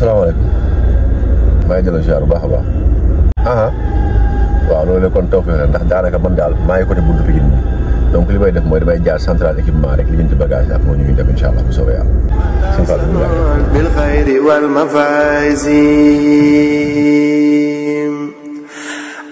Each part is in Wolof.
salaamaaleykum maa ngi jëloon ziar bu baax a baax ah waaw loolu la kon tawfeex la ndax daanaka man daal maa ngi côté buntu bi donc li may def mooy damay jaar central équipement rek li jëm ci bagage ak moo ñu ngi dem incha allah bu soobee yàlla. sëñ Fallou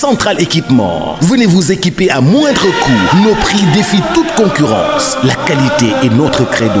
Central Équipement. Venez vous équiper à moindre coût. Nos prix défient toute concurrence. La qualité est notre credo.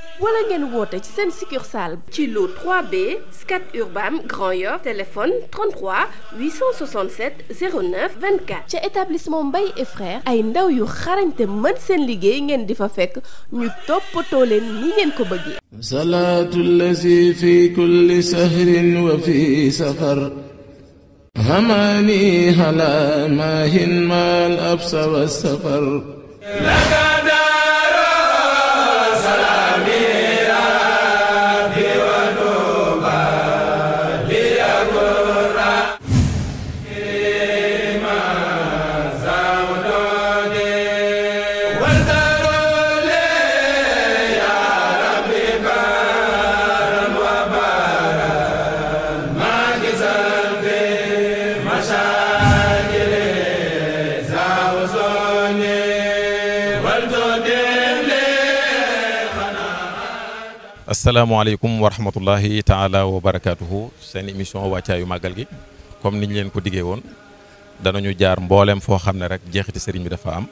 wala ngeen woote ci seen succursale ci lu 3B Scat Urbam Grand Yoff téléphone ca établissement Mbaye et ay ndaw yu xarañte mën seen liggéey ngeen di fa fekk ñu toppatoo leen ni ngeen ko bëggee salaatu lazi fi kulli sahrin wa fi safar hamaani hala maahin maal absa wa safar asalaamaaleykum wa rahmatullahi taala wa barakaatuhu seen émission wàccaayu màggal gi comme niñ leen ko diggee woon dana ñu jaar mbooleem foo xam ne rek jeexiti sëriñ bi dafa am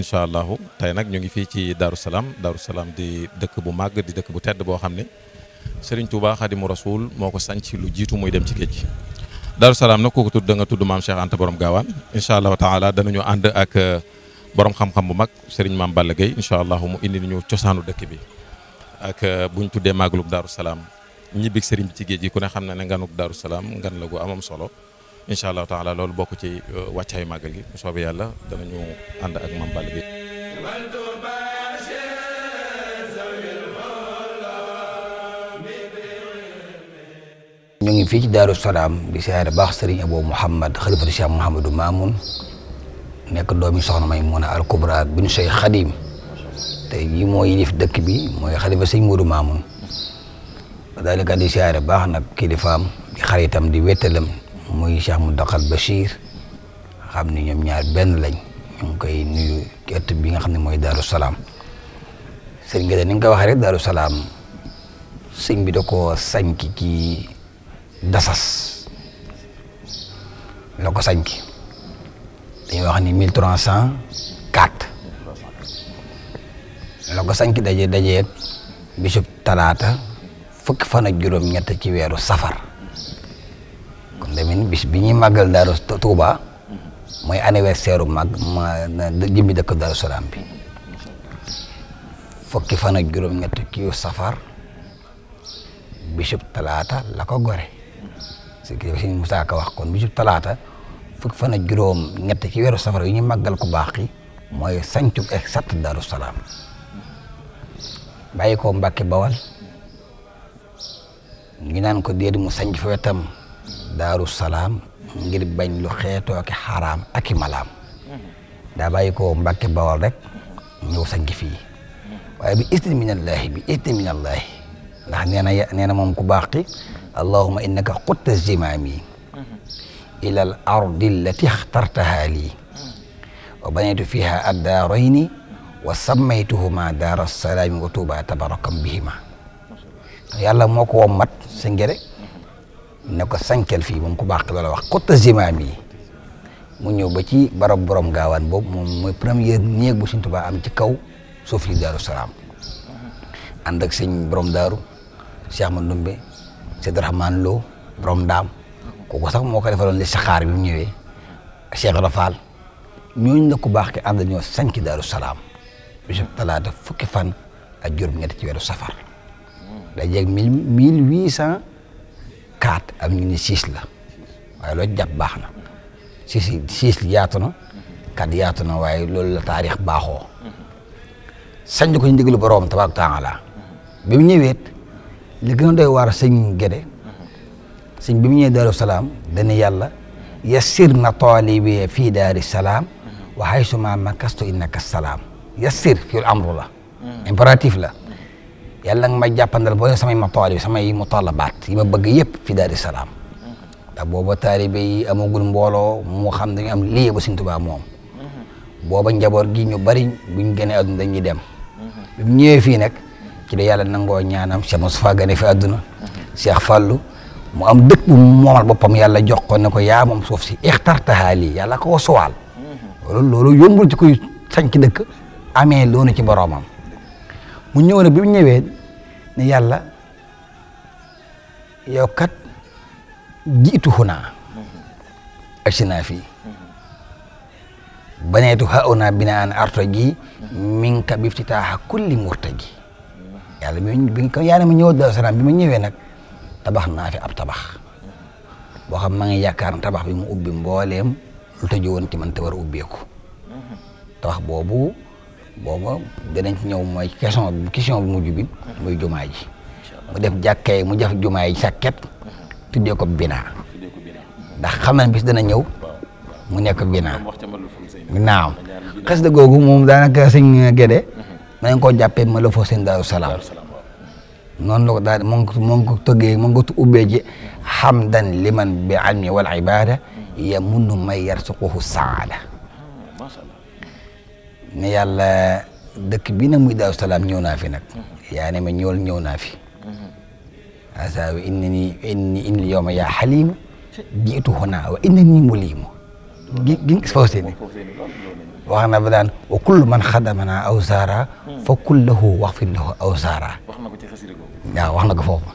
incha allahu tey nag ñu ngi fii ci Darou Salaam Darou Salaam di dëkk bu màgg di dëkk bu tedd boo xam ne sëriñ Touba Xadimu Rasul moo ko sanc lu jiitu muy dem ci géej gi Darou Salaam nag kooku tudd da nga tudd maam Cheikh Anta borom gaawaan incha allahu taala danañu ànd ak eh, boroom xam-xam bu mag sëriñ maam Balla Gueye incha allahu mu indi ñu cosaanu dëkk bi. ak euh, bu ñu tuddee màggalug Daaru Salaam ñibbig sëriñ ci géej gi ku ne xam na ne nganug Daaru Salaam ngan la gu amam solo incha allah taala loolu bokk ci euh, wàccaayu màggal gi bu soobee yàlla ñu ànd ak Mame Balla bi ñu ngi fii ci Daaru Salaam di siyaare baax sëriñ Abou Mouhamad xalifatu Cheikh Mouhamadou Mamoun nekk doomi soxna Maymuna al Kubra bin Cheikh Xadim tey jii moo yilif dëkk bi mooy xalifa sëñ Modou Mamoun daanaka di siyaare baax nag kilifaam di xaritam di wettalam muy Cheikh Mountakha Bachir xam ni ñoom ñaar benn lañ ñu ngi nuyu ëtt bi nga xam ne mooy Daaru Salaam sëñ nga ni nga ko waxee rek Salaam sëñ bi da ko sañki ci dasas la ko sañki dañuy wax ni mille trois cent la ko daje daje dajeeg talaata fukki fan ak juróom-ñett ci weeru safar kon tamit bis bi ñuy màggal Daaru Tuuba mooy anniversaire mag ma jëmmi dëkk Daaru Salaam bi fukki fan ak juróom-ñett ci safar bisub talaata la ko gore si kii wax kon talaata fukki fan ak weeru safar yi ñuy màggal ku baax yi mooy sancub ak sat Salaam bàyyi ko Mbàkke Bawal ñu naan ko déedéet mu sanc fa wetam daaru salaam ngir bañ lu xeetoo ki xaraam ak i malaam mhm. daa bàyyi ko Mbàkke Bawal rek ñëw sanc fii waaye bi izni minallaahi bi izni minallaahi ndax nee na nee na moom ku baax ki allahumma innaka xutta zimaami mhm. ila al ardi allati xtartahaa lii mhm. wa banaytu fiha addaarayni wa sammaytuhuma daara salaami wa tuuba tabarakam bihima yàlla moo ko wom mat sa ngere ne ko sankeel fii moom ku baax ki loola wax kotta zimaam yi mu ñëw ba ci barab borom gaawaan boobu moom mooy première néeg bu Sëñ Tuubaa am ci kaw so fi daaru salaam ànd ak sëñ borom daaru Cheikh Ahmadou Ndumbe Seydi Rahman Lo borom ndaam kooku sax moo ko defaloon li saxaar bi mu ñëwee Cheikh Rafal ñooñu la ku baax ki ànd ñoo sanki daaru salaam bisub talaata fukki fan ak juróom-ñett ci weeru safar dajeeg mille mille huit cent am ni six la waaye loo jàpp baax na six six yaatu na kat yaatu waaye loolu la taarix baaxoo sañ ko ñu ndigalu boroom tabaaraka taala bi mu ñëweet li gën a doy waar sëñ Gédé sëñ bi mu ñëwee Daaru Salaam dana yàlla yassir na tooli bi fii daari salaam wa haysu ma makastu innaka salaam yassir fiul amru la mm. impératif la yàlla nga may jàppandal boo samay mataalib samay mutalabaat yi ma bëgg yëpp fi daari salaam mm-hmm. ndax booba taalibe yi amagul mbooloo moo xam dañu am lii ba Sëñ Tuubaa moom mm-hmm. booba njaboot gi ñu bari buñ génnee àdduna dañuy dem mm-hmm. bi mu ñëwee fii nag ci la yàlla nangoo ñaanam Cheikh Moustapha gane fi àdduna Cheikh Fallou mu am dëkk bu moomal boppam yàlla jox ko ne ko yaa moom suuf si ixtartahaa lii yàlla ko suwaal loolu loolu ci kuy sañ ci amee loonu ci boroomam mu ñëw nag bi mu ñëwee ne yàlla yow kat jiitu xunaa agsi naa fii baneetu hauna binaan arto gi min ka biftitaaxa kulli murta gi yàlla bi ko yaa ne mu ñëw Daaru Salaam bi mu ñëwee nag tabax naa ab tabax boo xam ma ngi yaakaar tabax bi mu ubbi mbooleem lu woon ci man te war a ubbeeku tabax boobu booba danañ fi ñëw mooy question question bu mujj bi muy jumaa ji mu def jàkkee mu def jumaa yi sàkket tuddee ko binaa ndax xam na bis dana ñëw mu nekk binaa naaw xes da googu moom daanaka sëñ Gédé mhm. ma ngi koo jàppee ma la foo seen daaru salaam noonu la ko daal moo ngi moo ngi ko tëggee moo ngi ko ubbee ji hamdan liman bi almi wal ibada mhm. yamunnu may yarsuquhu saada ah, ne yàlla dëkk bi nag muy Daaru Salaam ñëw naa fi nag yaa ma ñool ñëw naa fi asaawi inna ni inni inni ma yaa xaliimu jiitu huna wa inna ni muliimu gi gi fawsi ni wax wa kullu man xadamana aw saara fa kullahu na ko foofu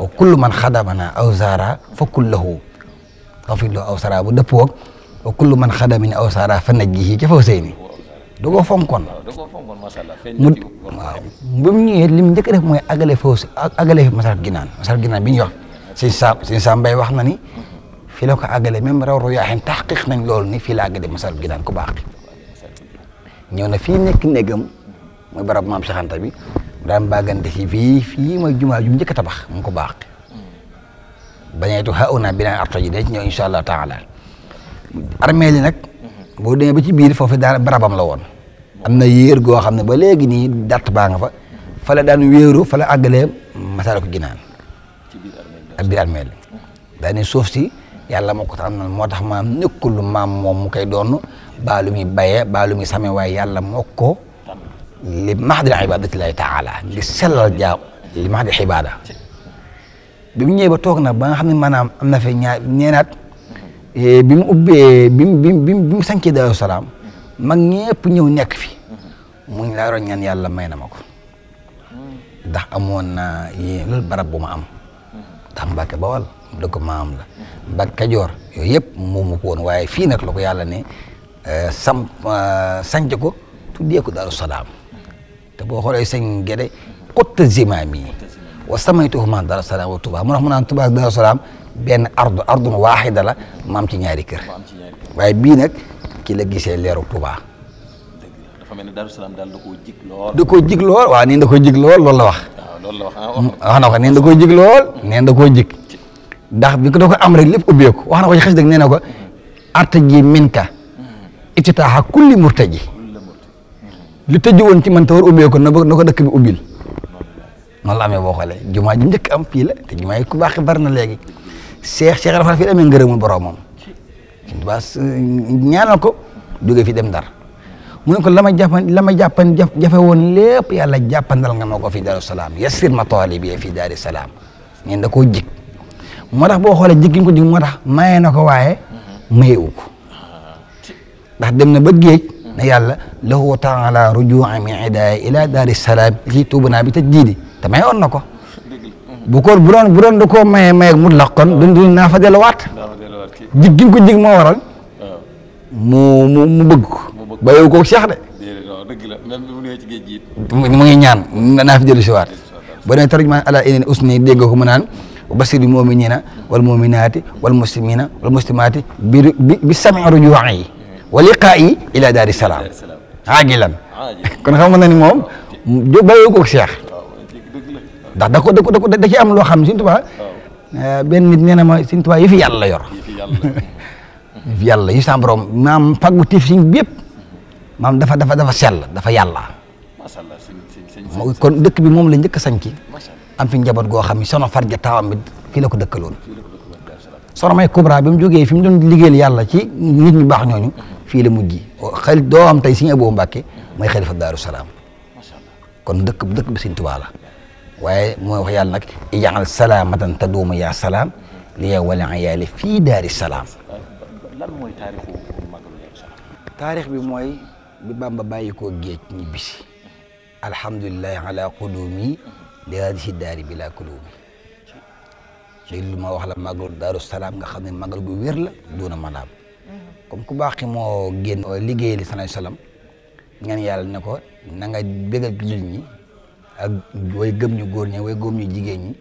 wa kullu man xadamana aw saara fa kullahu wa kullu man xadamini aw saara fa najjihi ca fawsi ni da koo fonkoon. waaw da koo mu waaw ba mu li mu njëkk def mooy agale foofu agale Masaalikul Jinaan Masaalikul Jinaan bi ñu wax. sëñ Sa sëñ Sa Mbaye wax na ni fii la ko agale même raw royaaxin taxqiq nañ lool ni fii la agale Masaalikul Jinaan ku baax ñëw na fii nekk néegam mooy barab maam Cheikh Anta bi daan bàggante si fii fii mooy jumaa ju njëkk a tabax mu ko baax bañeetu xaw naa beneen arto ji de ñëw incha allah taala armeel yi nag. boo demee ba ci biir foofu daara barabam la woon am na yéer goo xam ne ba léegi nii datt baa nga fa fa la daan wéeru fa la àggalee masala ko ginaan ak armeel daani suuf si yàlla moo am na moo tax maam nekkul maam moom mu koy doon baalu muy bayee baalu muy same waaye yàlla moo ko li mahdil ibadatillahi taala li sellal jaa li mahdil ibada bi mu ñëwee ba toog nag ba nga xam ne maanaam am na fi ñaar Eh, bi mu ubbee bi mu bi mu Salaam mag ñëpp ñëw nekk fi mu ngi laa roññaan yàlla may na ma ko ndax amoon na yéen barab bu ma am ndax Mbàkke Bawal dëkk maam la Mbàkke Kajoor yooyu yëpp moomu ko woon waaye fii nag la ko yàlla ne eh, sam eh, sanc ko tuddee ko Daaru Salaam te boo xoolee sëñ Gede xutta zimaam yi wa samaytuhuma Daaru Salaam wa Tuubaa mu nax mu naan Tuubaa Daaru Salaam benn ardu ardun waaxida la maam ci ñaari kër waaye bii nag ki la gisee leeru Tuubaa da koo jig lool waaw neen da koo jig lool loolu la wax ah, wax na ko neen da koo jig lool neen da koo jig ndax bi ko da ko am rek lépp ubbeeku wax na ko ci xas dëgg nee na ko arta ji minka ibtitaaxa kulli murtaji li tëju woon ci man te war ubbeeku na ko dëkk bi ubbil noonu la amee boo xoolee jumaa ji njëkk am fii la jumaa yi ku baax bari na léegi Cheikh Cheikh dafa fi amee ngërëmul boromam ba ñaanal ko jóge fi dem dar mu ne ko la ma jàppan la ma jàppan jafe woon lépp yàlla jàppandal nga ma ko fi Daaru Salaam yassir ma taalibi fi Daaru Salaam ñeen da koo jig moo tax boo xoolee jiggiñ ko jig moo tax na ko waaye mayewu dem na ba géej ne yàlla lahu taala rujuan min idaaya ila Daaru Salaam ci tuuba naa bi te jiidi te mayoon na ko bu ko bu doon bu doon da koo maye maye mutlaq kon duñ duñ naa fa delluwaat. jig gi ko waral. mu mu mu bëgg ko. bàyyiwu ko Cheikh de. dëgg mu ñëwee ci géej gi ngi ñaan naa fi dellu si waat ba ne tarjumaan ala ineen usni dégg ko mu naan basiri muminina wal muminaati wal muslimina wal muslimaati bi bi sami rujuwaay wa liqaayi ila daari salaam aajilan kon xam nga ne moom bàyyiwu ko Cheikh ndax da ko da ko da ci am loo xam ne Sëriñ Tuubaa eh, benn nit nee na ma Sëriñ Tuubaa yëfi yàlla yor yëfi yàlla yi sa borom maam faggu tif siñ bi yëpp maam dafa dafa dafa sell dafa yàlla kon dëkk bi moom la njëkk a sañ ki am fi njaboot goo xam ne sono farja taawam bi fii la ko dëkkaloon sono may Kubra bi mu jógee fi mu doon liggéeyal yàlla ci nit ñu baax ñooñu fii la mujj xel doo am tey Sëriñ Abou Mbacke mooy xalifa Daaru Salaam kon dëkk dëkk bi Sëriñ Tuubaa la waaye mooy wax yàlla nag ijaal salaamatan taduuma yaa salaam li wala ayaali fii daari salaam Salaam taarix bi mooy bi Bamba bàyyi koo géej ñibbisi alhamdulilahi ala qudumi li hadihi daari bila kulumi léegi ma wax la magalu Daaru Salaam nga xam ne magal gu wér la doona manaam ku baax moo génn liggéey li salaam ñaan yàlla ne ko na nga bégal ak way gëm ñu góor ñi way gëm ñu jigéen ñi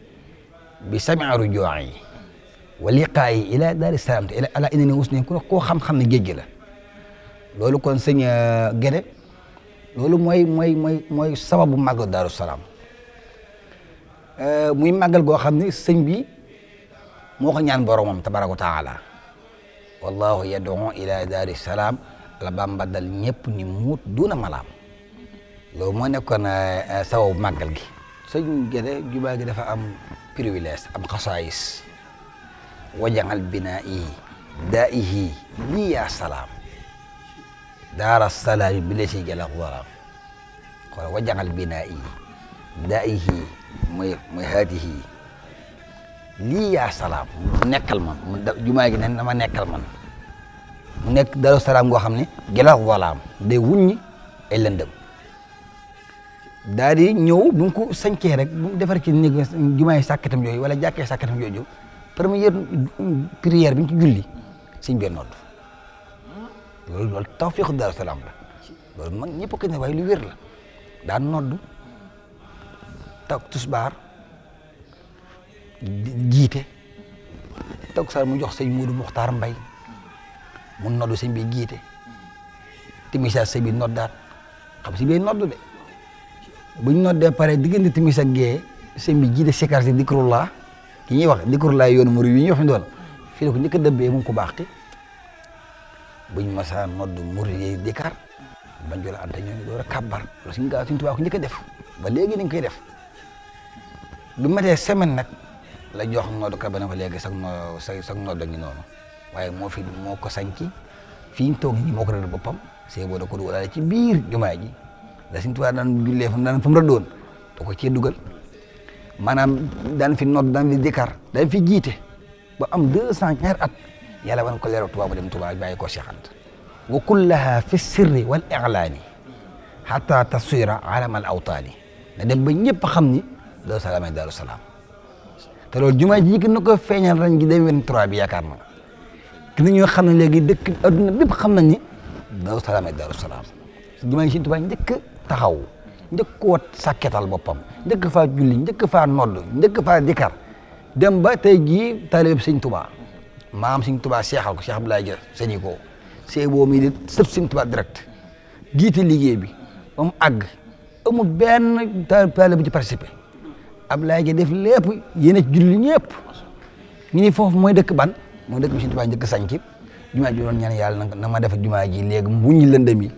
bi samia rujuwaa yi wa liqaayi ila daari salaam te ala ina ni us ne ku koo xam-xam ne géej gi la loolu kon sëñ euh, Guédé loolu mooy mooy mooy mooy sababu màggal daaru salaam euh, muy màggal goo xam ni sëñ bi moo ko ñaan boromam tabaraka taala wallahu yad'u ila daari salaam la baam dal ñëpp ni muut duna malaam loolu moo nekkoon eh, sababu màggal gi sëñ Gede jubaa gi dafa am privilège am xasaayis wajangal binaa yi daa ihi lii yaa salaam daara salaam bi la siy jëla waraam xool wajangal binaa yi daa ihi mooy mooy haatihi lii yaa salaam mu nekkal man mu jumaa gi nen dama nekkal man mu nekk daara salaam goo xam ne jëla waraam day wuññi ay lëndëm daal di ñëw bu mu ko sañcee rek bu mu defar ci néeg jumaay sàkkatam yooyu wala jàkkee sàkkatam yooyu première prière bi julli sëñ bi nodd loolu loolu tawfiixu Daaru Salaam la loolu mag ñëpp ko ne waaye lu wér la daan nodd tak tusbaar jiite tak sar mu jox sëñ Muudu Muxtaar Mbay mu noddu sëñ bi jiite timisaat sëñ bi noddaat xam si bi noddu de bu ñu noddee pare diggante timis ak gee sëñ bi jiite sikar si dikrullah ki ñuy wax dikrullah yoonu murid yi ñuy wax ñu doon fii la ko njëkk a dëbbee mu ngi ko baax ki buñ masaa nodd murid yi dikar bañ jël ante ñooñu door a kàbbar loolu suñ gaa suñ tubaab ko njëkk a def ba léegi koy def bu matee semaine nag la jox nodd ka bana fa léegi sax no sax nodd ngi noonu waaye moo fi moo ko sanc fii ñu toog ñi moo ko dal boppam sëy boo da ko dugalale ci biir jumaa ji da Sëñ Tuubaa daan jullee fa daan fa mu rëddoon ko cee dugal maanaam daan fi noot daan fi dikar daan fi jiite ba am deux cent ñaari yala yàlla wan ko leeral Tuubaa bu dem Tuubaa bàyyi ko Cheikh Anta wa kullaha fi sirri wal i'laani hatta taswira alam al na dem ba ñëpp xam ni Daaru Salaam ay Salaam te loolu jumaa ji gën na ko feeñal ren gi 2023 bi yaakaar na ki ñoo xam ne léegi dëkk adduna bépp xam nañ ni Daaru Salaam ay Daaru Salaam jumaa ji Sëñ Tuubaa njëkk taxaw njëkk koo sàkketal boppam njëkk fa julli njëkk fa nodd njëkk faa dikar dem ba tey jii taalib sëñ tubaa maam sëñ tubaa seexal ko Cheikh Abdoulaye Dia sëñi ko see boo mii di sëf sëñ direct jiite liggéey bi ba mu àgg amul benn taalib bu ci participé Abdoulaye Dia def lépp yéen a julli ñëpp ñu ni foofu mooy dëkk ban mooy dëkk bi sëñ tubaa njëkk sañci jumaa ji doon ñaan yàlla na ma def jumaa ji léegi mu wuññi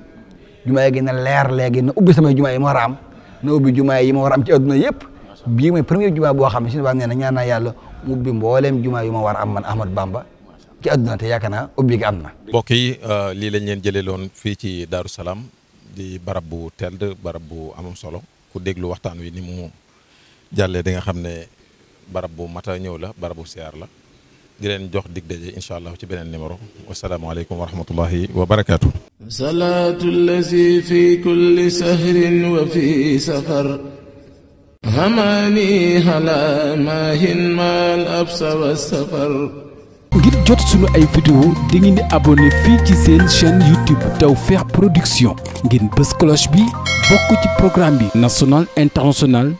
jumaa gi na leer léegi na ubbi samay jumaa yi ma war a am na ubbi jumaa yi ma war am ci adduna yëpp bii mooy premier jumaa boo xam ne suñu baax nee na ñaan yàlla mu ubbi mbooleem jumaa yu ma war a am man Ahmad Bamba ci adduna te yaakaar naa ubbi gi am na mbokk yi euh, lii lañ leen jëlee loon fii ci Daaru Salaam di barab bu tedd barab bu amam solo ku déglu waxtaan wi ni mu jàllee di nga xam ne barab bu mata ñëw la barab bu siyaar la di leen jox dig daje incha allah ci beneen numéro wasalaamualeykum wa rahmatullahi wa barakaatu. salaatu lazi fi kulli sahrin wa fi safar. hamaani ala maahin maal absa wa safar. ngir jot sunu ay vidéo di ngeen di fii ci seen chaîne YouTube Tawfekh Production. ngeen bës cloche bi bokk ci programme bi. national international.